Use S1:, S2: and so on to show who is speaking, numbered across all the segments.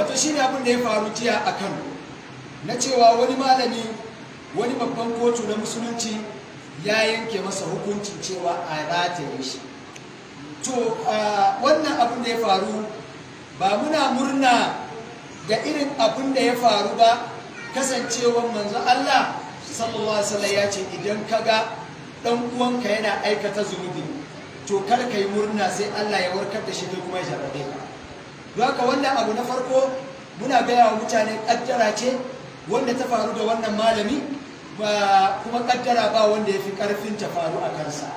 S1: wato shi ne abin da ya faru jiya a kan na cewa wani malami wani babban kotu na musulunci ya yanke masa hukuncin cewa a rataye shi to wannan abin da ya faru ba muna murna da irin abin da ya faru ba kasancewa manzo Allah sallallahu alaihi wasallam ya ce idan kaga dan uwanka yana aikata zunubi to kar kai murna sai Allah ya warkar da shi kai kuma ya jarabe ka haka wannan abu na farko muna gaya wa mutane ƙaddara ce wanda ta faru da wannan malami ba kuma ƙaddara ba wanda ya fi karfin ta faru a kansa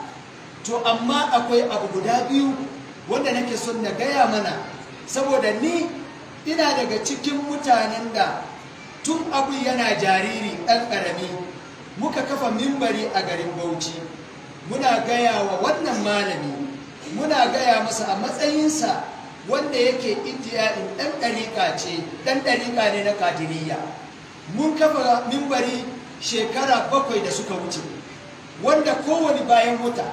S1: to amma akwai abu guda biyu wanda nake son na gaya mana saboda ni ina daga cikin mutanen da tun abu yana jariri ɗan ƙarami muka kafa mimbari a garin bauchi muna gaya wa wannan malami muna gaya masa a matsayinsa wanda yake indiya in ɗan ɗariƙa ce ɗan ɗariƙa ne na kadiriyya mun kafa mimbari shekara bakwai da suka wuce wanda kowane bayan wata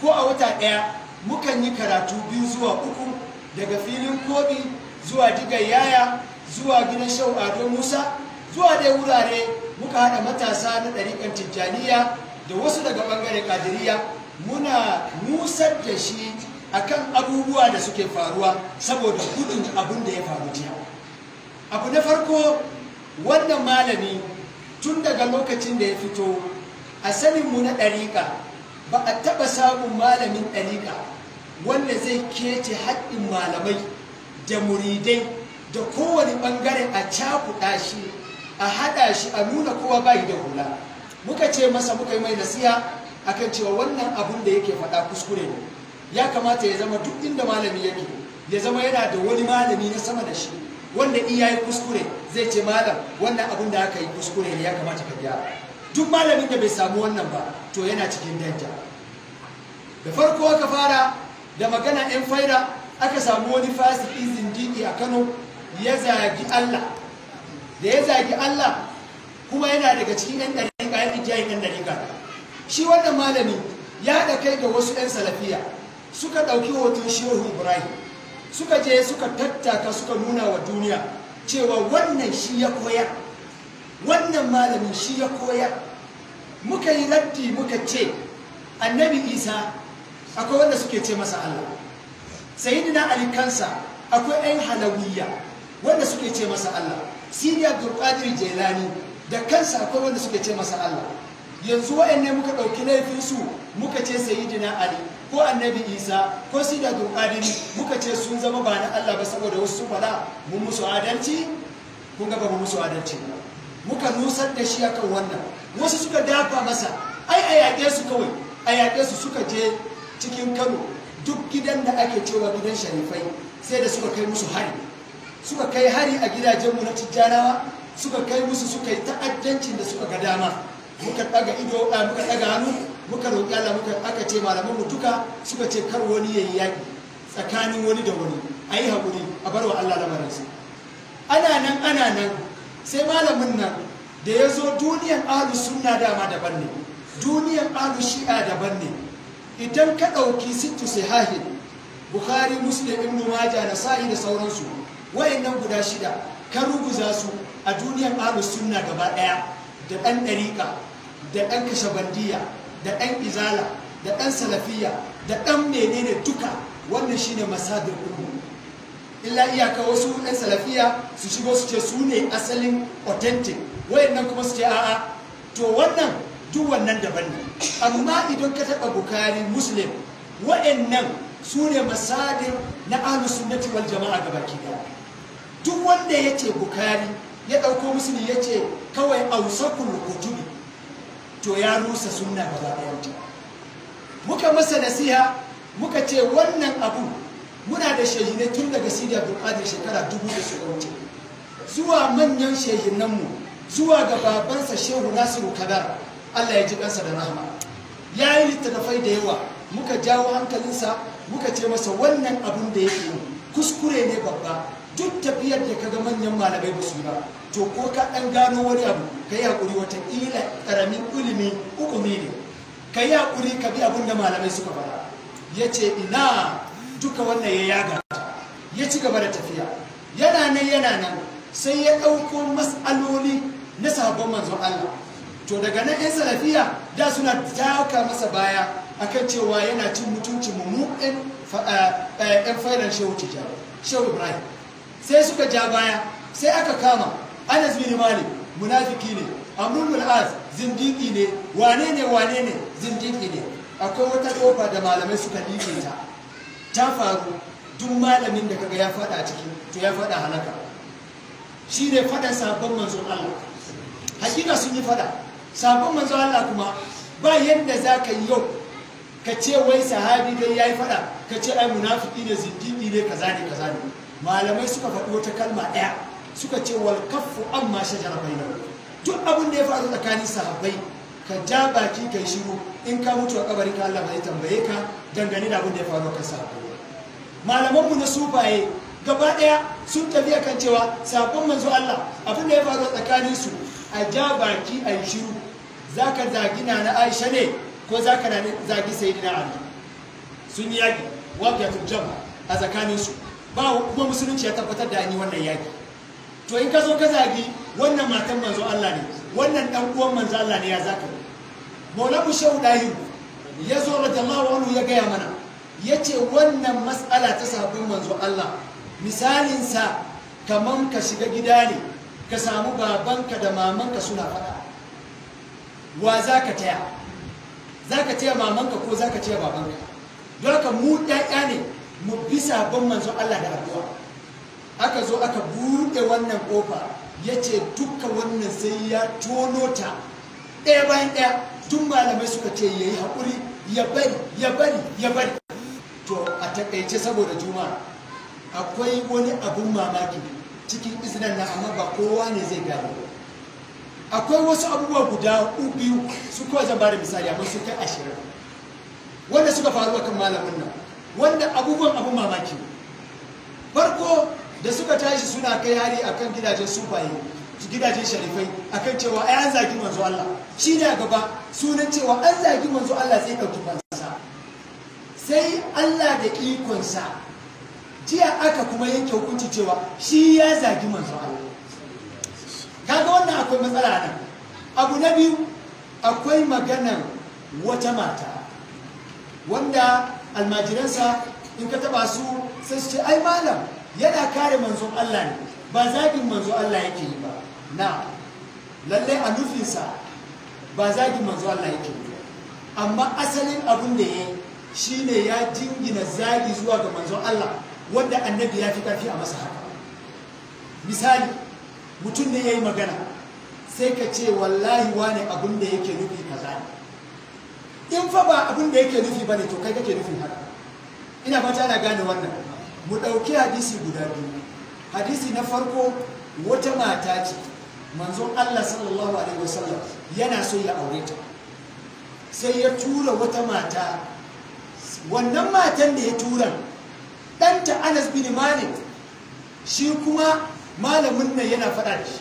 S1: ko a wata ɗaya mukan yi karatu biyu zuwa uku daga filin kobi zuwa digar yaya zuwa gidan shau ado musa zuwa dai wurare muka haɗa matasa na ɗariƙan tijjaniya da wasu daga ɓangaren kadiriya muna musar da shi akan abubuwa da suke faruwa saboda gudun abin da ya faru jiya abu na farko wannan malami tun daga lokacin da ya fito a saninmu na ɗariƙa ba a taɓa samun malamin ɗariƙa wanda zai kece haɗin malamai da muridai da kowane ɓangare a cakuɗa shi a haɗa shi a nuna kowa bai da hula muka ce masa muka yi mai nasiya akan cewa wannan abun da yake faɗa kuskure ne ya kamata ya zama duk inda malami yake ya zama yana da wani malami na sama da shi wanda iya yi kuskure zai ce malam wannan abin da aka yi kuskure ne ya kamata ka gyara duk malamin da bai samu wannan ba to yana cikin danja da farko aka fara da magana yan faira, aka samu wani izin zindiki a kano ya zagi allah da ya zagi allah kuma yana daga cikin yan ɗariƙa yan igiyayen yan dariƙa shi wannan malami ya haɗa kai ga wasu yan salafiya suka ɗauki hoton shehu ibrahim suka je suka tattaka suka nuna wa duniya cewa wannan shi ya koya wannan malamin shi ya koya muka yi raddi muka ce annabi isa akwai wanda suke ce masa allah sayidina ali kansa akwai 'yan halawiyya wanda suke ce masa allah siriya abdulkadir jelani da kansa akwai wanda suke ce masa allah yanzu wa'annan muka ɗauki laifinsu muka ce sayidina ali ko annabi isa ko sida adini muka ce sun zama ba na allah ba saboda wasu sun mun musu adalci kun gaba mun musu adalci muka nusar da shi akan wannan wasu suka dafa masa ai a yaƙe su kawai a yaƙe su suka je cikin kano duk gidan da ake cewa gidan sharifai sai da suka kai musu hari suka kai hari a gidajen mu na tijjarawa suka kai musu suka yi ta'addancin da suka ga dama muka daga ido da muka daga hannu muka roƙi Allah muka aka ce malaman mu duka suka ce kar wani yayi yaki tsakanin wani da wani ayi hakuri a barwa Allah lamarin sa ana nan ana nan sai malamin nan da ya zo duniyar ahlu sunna dama daban ne duniyar ahlu shi'a daban ne idan ka ɗauki sittu sahihin bukhari muslim ibnu majah na sa'i da sauransu nan guda shida ka ruguza su a duniyar ahlu sunna gaba ɗaya da ɗan ɗariƙa da ɗan kashabandiya da ɗan izala da ɗan salafiya da ɗan menene duka wannan shine masadin uku. illa iyaka wasu ɗan salafiya su shigo su ce su ne asalin authentic nan kuma su ce a'a to wannan duk wannan daban ne amma idan ka taɓa bukari muslim wayannan su ne masadin na ahlus sunnati wal jama'a gabaki daya duk wanda ya ce bukari ya ɗauko ne ya ce kawai ausakul kutubi to ya rusa suna gaba ɗayanta muka masa nasiha muka ce wannan abu muna da shehinai tun daga sidiyar buƙatar shekara dubu da shekaru ce. zuwa manyan shehinanmu zuwa ga babansa shehu nasiru kadar allah ya ji ɗansa da rahama ya yi littattafai da yawa muka jawo hankalinsa muka ce masa wannan abun da yake kuskure ne babba duk tafiyar da kaga manyan malamai ba su ba to ko ka dan gano wani abu ka yi hakuri ila karamin ilimi uku ne ka yi hakuri ka bi abin da malamai suka faɗa ya ce ina duka wannan ya yaga ya ci gaba da tafiya yana nan yana nan sai ya ɗauko mas'aloli na sabon manzo Allah to daga nan 'yan salafiya da suna taka masa baya akan cewa yana cin mutuncin mu 'yan fa'idan shehu shehu ibrahim sai suka ja baya sai aka kama anas bin malik munafiki ne amrul al zindiki ne wane ne wane ne zindiki ne akwai wata kofa da malamai suka dike ta ta faru duk malamin da kaga ya fada ciki to ya fada halaka shi ne fada sabon manzon Allah hakika sun yi fada sabon manzon Allah kuma ba yadda za ka yi yau ka ce wai sahabi dai ya yi fada ka ce ai munafiki ne zindiki ne kaza ne kaza ne malamai suka faɗo wata kalma ɗaya suka ce wal kaffu amma shajara bainahu duk abin da ya faru tsakanin sahabbai ka ja baki kai shiru in ka mutu a kabarin ka Allah bai tambaye ka dangane da abin da ya faru kan sahabbai malaman mu na sufaye gaba ɗaya sun tafi kan cewa sabon manzo Allah abin da ya faru tsakanin su a ja baki a yi shiru za ka zagi na na Aisha ne ko za na zagi sayyidina Ali sun yi yaki waqiyatul jama a tsakanin su ba kuma musulunci ya tabbatar da an yi wannan yaki to in ka zo ka zagi wannan matan manzo Allah ne wannan dan uwan manzo Allah ne ya zaka Maulana Shehu Dahi ya zo radiyallahu anhu ya gaya mana yace wannan mas'ala ta sabbin manzo Allah misalin sa kaman ka shiga gida ne ka samu babanka da mamanka suna faɗa wa za ka taya za ka taya mamanka ko za ka taya babanka don haka mu ɗaya ne mu bi sakon manzon Allah da addu'a aka zo aka buɗe wannan ƙofa yace ce duka wannan sai ya tono ta ɗaya bayan ɗaya tun malamai suka ce ya yi haƙuri ya bari ya bari ya bari to a taƙaice saboda juma akwai wani abun mamaki cikin izinan na amma ba kowa ne zai gane akwai wasu abubuwa guda biyu su kowa zan bada misali amma su kai ashirin wanda suka faru akan malamin nan wanda abubuwan abun mamaki farko da suka tashi suna kai hari akan gidajen sufaye gidajen sharifai akan cewa ai an zagi manzo Allah shi ne gaba sunan cewa an zagi manzo Allah sai ɗauki fansa sai Allah da ikonsa jiya aka kuma yanke hukunci cewa shi ya zagi manzo Allah kaga wannan akwai matsala nan abu na biyu akwai maganar wata mata wanda almajiransa in ka taba su sai su ce ai malam yana kare manzon Allah ne ba zagin manzon Allah yake yi ba na lalle a nufinsa ba zagin manzon Allah yake yi amma asalin abun da ya shi ne ya jingina zagi zuwa ga manzon Allah wanda annabi ya fi karfi a masa haka misali mutum ne ya yi magana sai ka ce wallahi wane abun da yake nufi kaza in fa ba abin da yake nufi bane to kai kake nufin haka ina fata ana gane wannan mu ɗauki hadisi guda biyu hadisi na farko wata mata ce manzon Allah sallallahu alaihi wasallam yana so ya aure ta sai ya tura wata mata wannan matan da ya tura ɗanta Anas bin Malik shi kuma malamin nan yana faɗa shi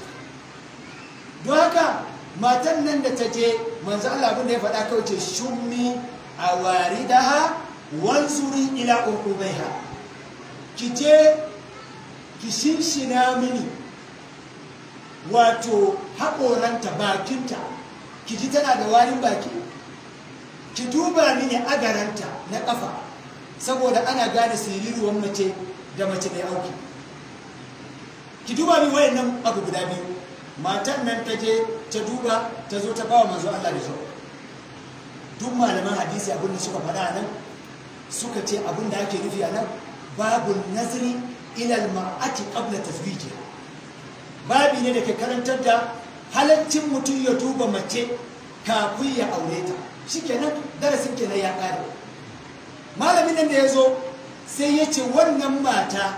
S1: don haka matan nan da ta je manzo Allah abin da ya faɗa kawai ce shummi a waridaha wanzuri ila uqubaiha ki je ki shinshina mini wato haƙoranta bakinta ki ji tana da warin baki ki duba mini agaranta na ƙafa saboda ana gane siriruwan mace da mace mai auki ki duba mini wayannan abu guda biyu matan nan ta je ta duba ta zo ta bawa manzo Allah da zuwa duk malaman hadisi abin da suka faɗa nan suka ce abin da ake nufi a nan babu nazari ilal ma'ati qabla tasbiji. babi ne da ke karantar da halaccin mutum ya duba mace kafin ya aure ta shikenan darasin kenan ya kare malamin nan da ya zo sai yace wannan mata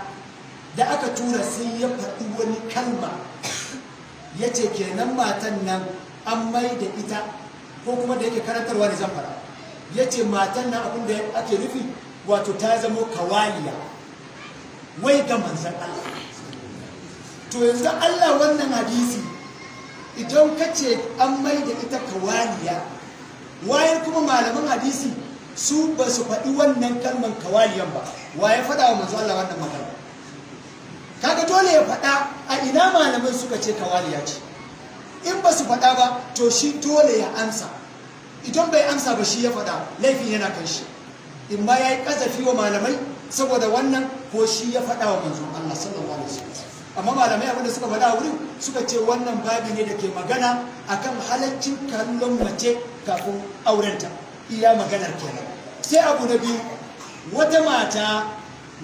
S1: da aka tura sai ya faɗi wani kalma ya ce kenan matan nan an mai da ita ko kuma da yake karantarwa da zan fara ya ce matan nan abin da ake nufi wato ta zamo kawaliya wai ga manzan Allah to yanzu Allah wannan hadisi idan ka ce an mai da ita kawaliya wayan kuma malaman hadisi su ba su faɗi wannan kalman kawaliyan ba wa ya faɗa wa manzo Allah wannan magana kaga dole ya faɗa a ina malamai suka ce kawaliya ce in ba su faɗa ba to shi dole ya amsa idan bai amsa ba shi ya faɗa laifin yana kan shi in ba ya yi ƙazafi wa malamai saboda wannan ko shi ya faɗa wa manzon Allah sallallahu alaihi wasallam amma malamai abin da suka faɗa a wurin suka ce wannan babi ne da ke magana akan halaccin kallon mace kafin aurenta iya maganar kenan sai abu na biyu wata mata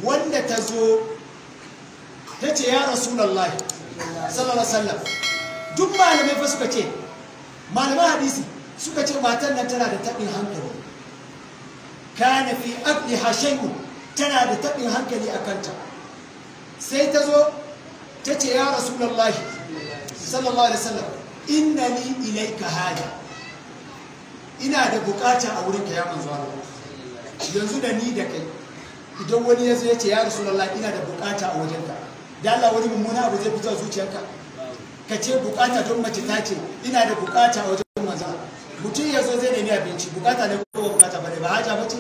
S1: wanda ta zo ta ce ya rasulallah sallallahu sallam duk malamai fa suka ce malamai hadisi suka ce matan nan tana da taɓin hankali na fi abdi shay'un tana da taɓin hankali a kanta sai ta zo ta ce ya rasulallah sallallahu alaihi wasallam ilai ilaika haja ina da bukata a wurinka ya manzo Allah yanzu da ni da kai idan wani ya zo ya ce ya rasulullah ina da bukata a wajenka da Allah wani mummuna abu zai fito zuciyarka ka ce bukata don mace ta ce ina da bukata wajen maza mutum ya zo zai nemi abinci bukata ne ko ba bukata bane ba haja bace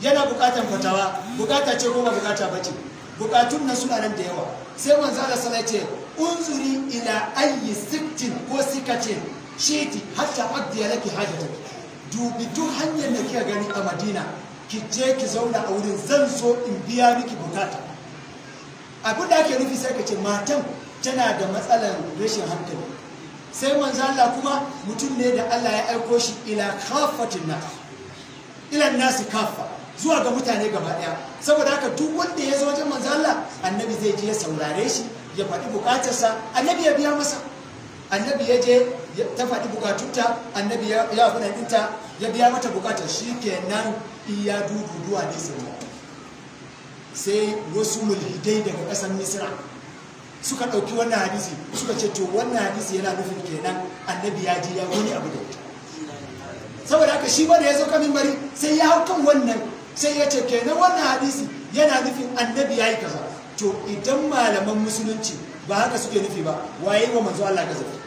S1: yana bukatan fatawa bukata ce ko ba bukata bace bukatun nan suna nan da yawa sai manzo Allah sallallahu ce unzuri ila ayyi sittin ko sikatin shiti hatta addiya laki ta. dubi duk hanyar da kika gani a Madina ki je ki zauna a wurin zan so in biya miki bukata abin da ake nufi sai ka ce matan tana da matsalar rashin hankali sai manzo Allah kuma mutum ne da Allah ya aiko shi ila kafatin na ila nasi kafa zuwa ga mutane gaba daya saboda haka duk wanda ya zo wajen manzo Allah annabi zai je ya saurare shi ya faɗi bukatarsa annabi ya biya masa annabi ya je ta faɗi bukatunta annabi ya faɗa ɗinta ya biya mata bukatar shi kenan iya duwa ne sai sai wasu mulhidai daga ƙasar misira suka ɗauki wannan hadisi suka ce to wannan hadisi yana nufin kenan annabi ya ji ya wani abu da wuta saboda haka shi bane ya zo kamin bari sai ya hau kan wannan sai ya ce kenan wannan hadisi yana nufin annabi ya yi kaza to idan malaman musulunci ba haka suke nufi ba waye wa manzo Allah kazafi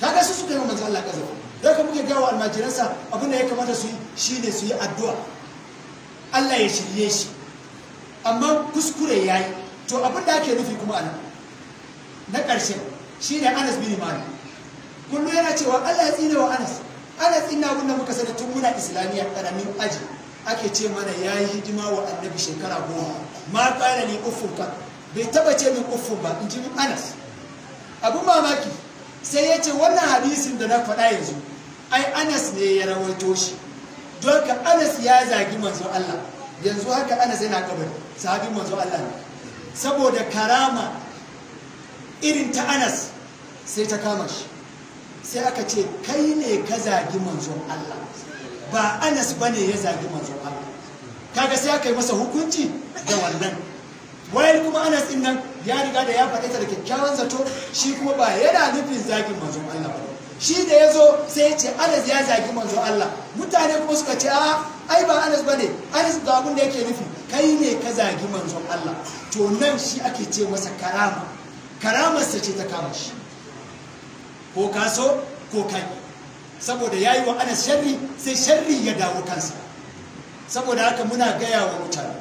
S1: kaga su suka yi wa manzo Allah kazafi da ka muke gawa almajiransa abin da ya kamata su yi shine su yi addu'a Allah ya shirye shi amma kuskure ya yi to abin da ake nufi kuma anan na ƙarshe shi ne anas bin mali kullum yana cewa allah ya tsina wa anas anas ina abin muka sani tun muna islamiyya ƙaramin aji ake ce mana ya yi hidima wa annabi shekara goma ma ƙara ne uffun ka bai taba ce min uffun ba in ji min anas abin mamaki sai ya ce wannan hadisin da na faɗa yanzu ai anas ne ya rawaito shi don ka anas ya zagi manzo allah yanzu haka ana sai na kabari sahabin manzo Allah ne saboda karama irin ta Anas sai ta kama shi sai aka ce kai ne ka zagi manzon Allah ba Anas bane ya zagi manzon Allah kaga sai aka yi masa hukunci da wannan wayar kuma Anas din nan ya riga da ya faɗe ta da kyakkyawan zato shi kuma ba yana nufin zagi manzon Allah ba shi da ya zo sai ya ce Anas ya zagi manzo Allah mutane kuma suka ce a ai ba anas ba ne anas ga abin da yake nufi kai ne ka zagi manzon Allah to nan shi ake ce masa karama karamarsa ce ta kama shi ko ka so ko ka saboda ya wa anas sharri sai sharri ya dawo kansa saboda haka muna gaya wa mutane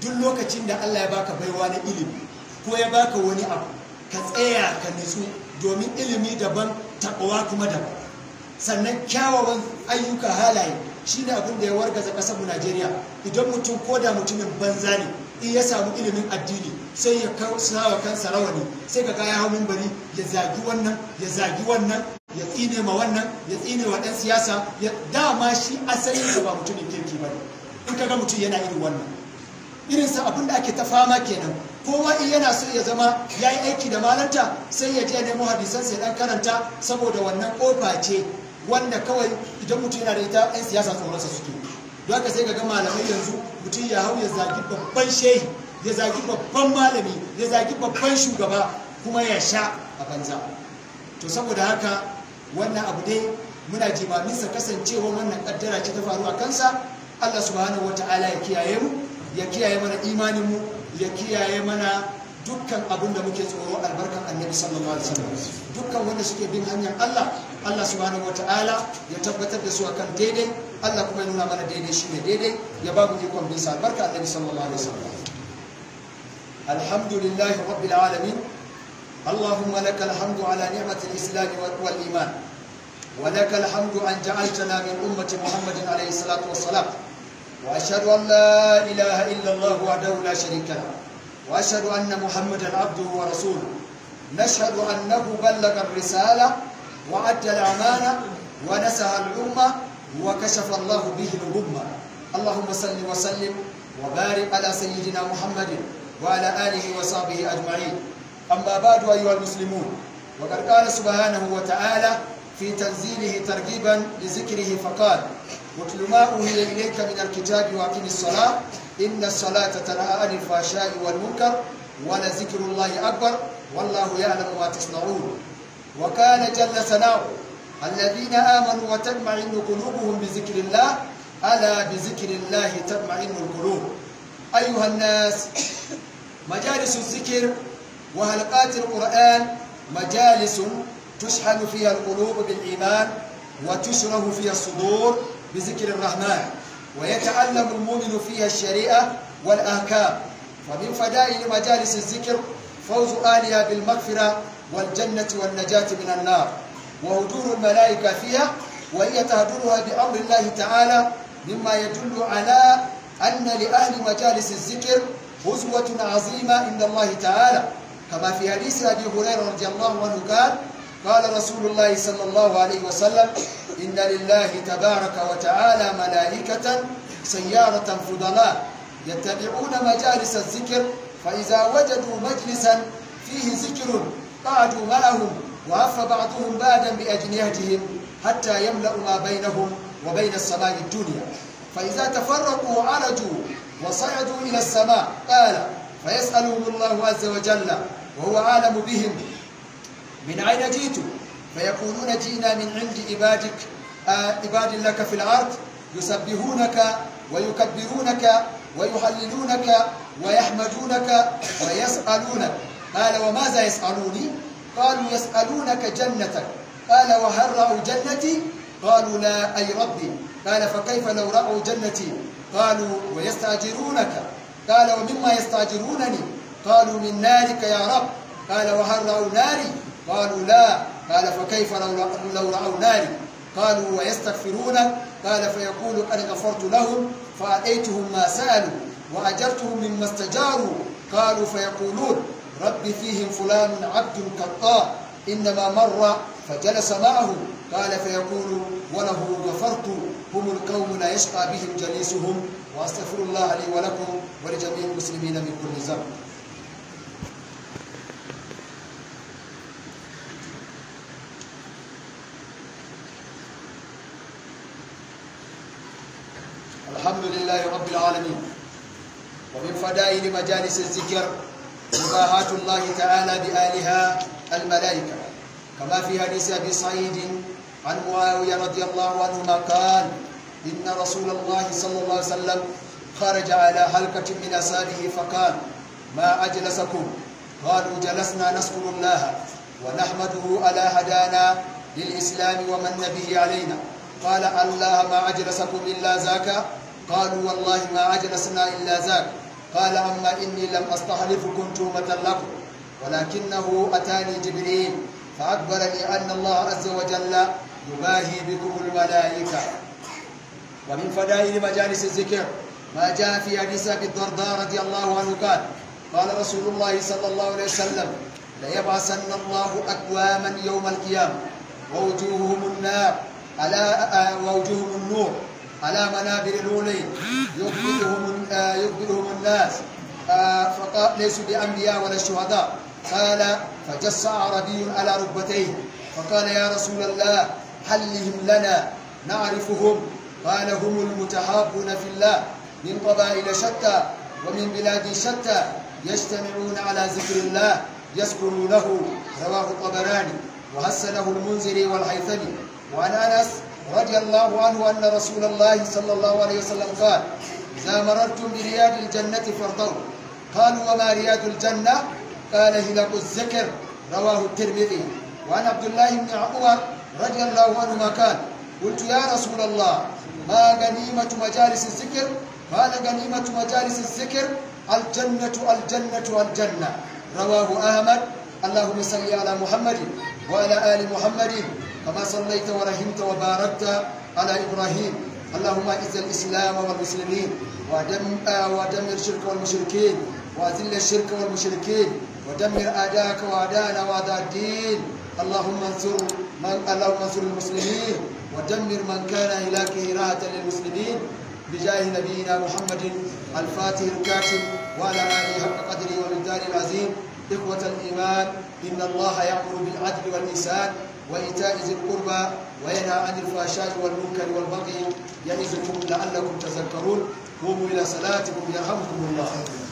S1: duk lokacin da Allah ya baka baiwa na ilimi ko ya baka wani abu ka tsaya ka nutsu domin ilimi daban taɓawa kuma daban sannan kyawawan ayyuka halaye Shi ne abin da ya wargaza kasar mu Najeriya idan mutum ko da mutumin banza ne in ya samu ilimin addini sai ya sawa kansa rawani sai ka ya hau bari ya zagi wannan ya zagi wannan ya tsine ma wannan ya tsine wa ɗan siyasa ya dama shi asalin ba mutumin kirki ba in ka ga mutum yana irin wannan irin sa abin da ake ta fama kenan kowa in yana so ya zama ya yi aiki da malanta sai ya je nemo hadisan sai dan karanta saboda wannan kofa ce wanda kawai idan mutum yana da ita 'yan siyasa tsoron sa suke don haka sai ga malamai yanzu mutum ya hau ya zagi babban shehi ya zagi babban malami ya zagi babban shugaba kuma ya sha a banza to saboda haka wannan abu dai muna jimamin sa kasancewa wannan kaddara ce ta faru a kansa allah subhanahu wata'ala ya kiyaye mu ya kiyaye mana imanin mu ya kiyaye mana dukkan abin da muke tsoro albarkan annabi sallallahu alaihi wasallam dukkan wanda suke bin hanyar allah Allah subhanahu wa ta'ala ya tabbatar da su akan daidai Allah kuma ya nuna mana daidai shine daidai ya ba mu ikon bisa albarka annabi sallallahu alaihi wasallam alhamdulillahi rabbil alamin اللهم لك الحمد على نعمة الإسلام والإيمان ولك الحمد أن جعلتنا من أمة محمد عليه الصلاة والسلام وأشهد أن لا allah إلا الله وحده لا wa له anna muhammadan محمدا wa ورسوله نشهد أنه بلغ الرسالة وأدى الأمانة ونسها الأمة وكشف الله به الغمة اللهم صل وسلم وبارك على سيدنا محمد وعلى آله وصحبه أجمعين أما بعد أيها المسلمون وقد قال سبحانه وتعالى في تنزيله ترغيبا لذكره فقال واتل ما أوهي إليك من الكتاب وأقم الصلاة إن الصلاة تنهى عن الفحشاء والمنكر ولذكر الله أكبر والله يعلم ما تصنعون وكان جل ثناؤه الذين آمنوا وتطمئن قلوبهم بذكر الله ألا بذكر الله تطمئن القلوب أيها الناس مجالس الذكر وهلقات القرآن مجالس تشحن فيها القلوب بالإيمان وتشره فيها الصدور بذكر الرحمن ويتعلم المؤمن فيها الشريعة والأحكام ومن فدائل مجالس الذكر فوز آلها بالمغفرة والجنة والنجاة من النار وهجور الملائكة فيها وهي تهجرها بأمر الله تعالى مما يدل على أن لأهل مجالس الذكر غزوة عظيمة عند الله تعالى كما في حديث أبي هريرة رضي الله عنه قال قال رسول الله صلى الله عليه وسلم إن لله تبارك وتعالى ملائكة سيارة فضلاء يتبعون مجالس الذكر فإذا وجدوا مجلسا فيه ذكر قعدوا معهم وعف بعضهم بعدا بأجنحتهم حتى يملأ ما بينهم وبين السماء الدنيا فإذا تفرقوا عرجوا وصعدوا إلى السماء قال فيسألهم الله عز وجل وهو أعلم بهم من أين جئتم فيقولون جئنا من عند عبادك آه، عباد لك في الأرض يسبحونك ويكبرونك ويحللونك ويحمدونك ويسألونك قال وماذا يسألوني قالوا يسألونك جنتك قال وهل رأوا جنتي قالوا لا أي ربي قال فكيف لو رأوا جنتي قالوا ويستأجرونك قال ومما يستأجرونني قالوا من نارك يا رب قال وهل رأوا ناري قالوا لا قال فكيف لو لو رأوا ناري قالوا ويستغفرونك قال فيقول أنا غفرت لهم فأتيتهم ما سألوا وأجرتهم مما استجاروا قالوا فيقولون رب فيهم فلان عبد كالطاء إنما مر فجلس معه قال فيقول وله غفرت هم القوم لا يشقى بهم جليسهم وأستغفر الله لي ولكم ولجميع المسلمين من كل ذنب الحمد لله رب العالمين ومن فضائل مجالس الذكر مباهاة الله تعالى بآلها الملائكة كما في حديث أبي سعيد عن معاوية رضي الله عنهما قال إن رسول الله صلى الله عليه وسلم خرج على حلقة من أسابه فقال ما أجلسكم قالوا جلسنا نسكن الله ونحمده على هدانا للإسلام ومن به علينا قال الله ما أجلسكم إلا ذاك قالوا والله ما أجلسنا إلا ذاك قال أما إني لم أستحلفكم تومة لكم ولكنه أتاني جبريل فأخبرني أن الله عز وجل يباهي بكم الملائكة ومن فدائل مجالس الذكر ما جاء في حديث أبي الدرداء رضي الله عنه قال قال رسول الله صلى الله عليه وسلم ليبعثن الله أكواما يوم القيامة ووجوههم النار ألا آه، ووجوههم النور على منابر الولي يقبلهم آه، يقبلهم الناس آه، فقال ليسوا بأنبياء ولا شهداء قال فجس عربي على ركبتيه فقال يا رسول الله حلهم لنا نعرفهم قال هم المتحابون في الله من قبائل شتى ومن بلاد شتى يجتمعون على ذكر الله يذكرونه رواه الطبراني وحسنه المنذري والهيثمي وعن انس رضي الله عنه أن رسول الله صلى الله عليه وسلم قال إذا مررتم برياض الجنة فارضوا قالوا وما رياض الجنة قال هلق الذكر رواه الترمذي وعن عبد الله بن عمر رضي الله عنهما قال قلت يا رسول الله ما غنيمة مجالس الذكر قال غنيمة مجالس الذكر الجنة الجنة الجنة رواه أحمد اللهم صل على محمد وعلى آل محمد كما صليت ورحمت وباركت على إبراهيم اللهم اعز الإسلام والمسلمين ودم آه، ودمر الشرك والمشركين وأذل الشرك والمشركين ودمر أعداءك وأعداءنا وأعداء الدين اللهم انصر من اللهم انصر المسلمين ودمر من كان إليك إرادة للمسلمين بجاه نبينا محمد الفاتح الكاتب وعلى آله حق قدره ومقداره العظيم إخوة الإيمان إن الله يأمر بالعدل والإحسان وإيتاء ذي القربى وينهى عن الفحشاء والمنكر والبغي يعظكم لعلكم تذكرون قوموا إلى صلاتكم يرحمكم الله